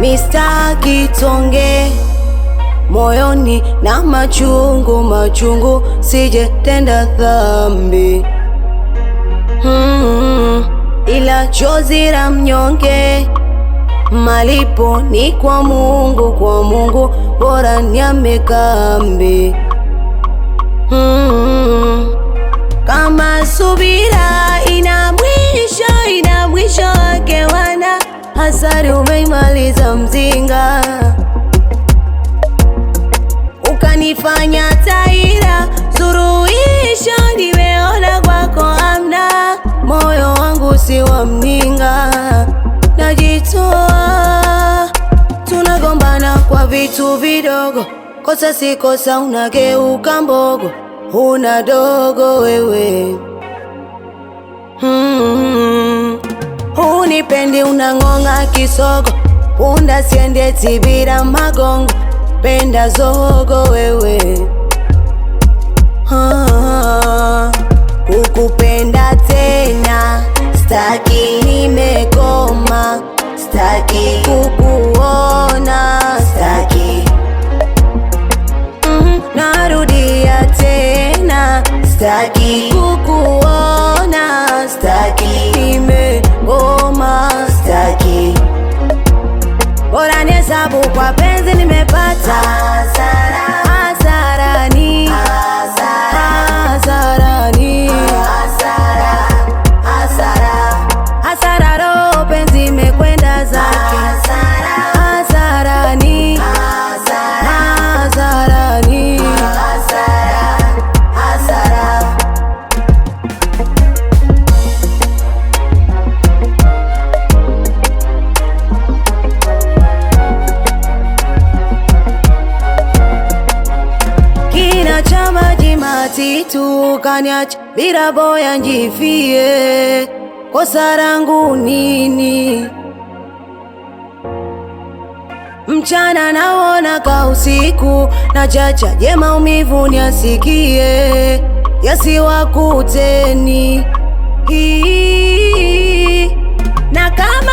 Mista kitonge moyoni na machungu machungu, sijetenda dhambi hmm, ila chozi la mnyonge malipo ni kwa Mungu, kwa Mungu bora nyame kambi hmm, kama subira ina mwisho, ina mwisho wake, wana hasara ukanimaliza mzinga, ukanifanya taira suruhisho, nimeona kwako amna, moyo wangu si wa mninga, najitoa, tunagombana kwa vitu vidogo, kosa si kosa, unageuka mbogo, una dogo wewe hmm. Unipendi, unang'onga kisogo unda siende Tibira Magongo, penda zogo wewe kukupenda tena staki, nimekoma staki kukuona staki mm, mm-hmm, narudia tena staki sababu kwa penzi nimepata hasara maji matitu, kaniacha bila boya, njifie kosa langu nini? Mchana naona ka usiku, na chacha je maumivu niasikie, yasiwakuteni na kama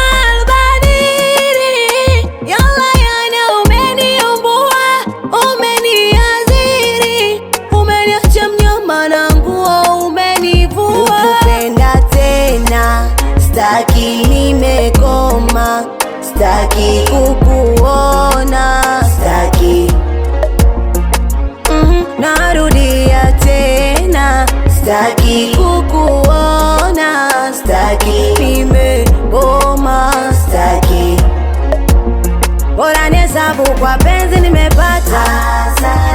Staki kukuona staki, mm, mm-hmm. narudia tena staki kukuona staki, nimegoma staki, bora nihesabu kwa penzi nimepata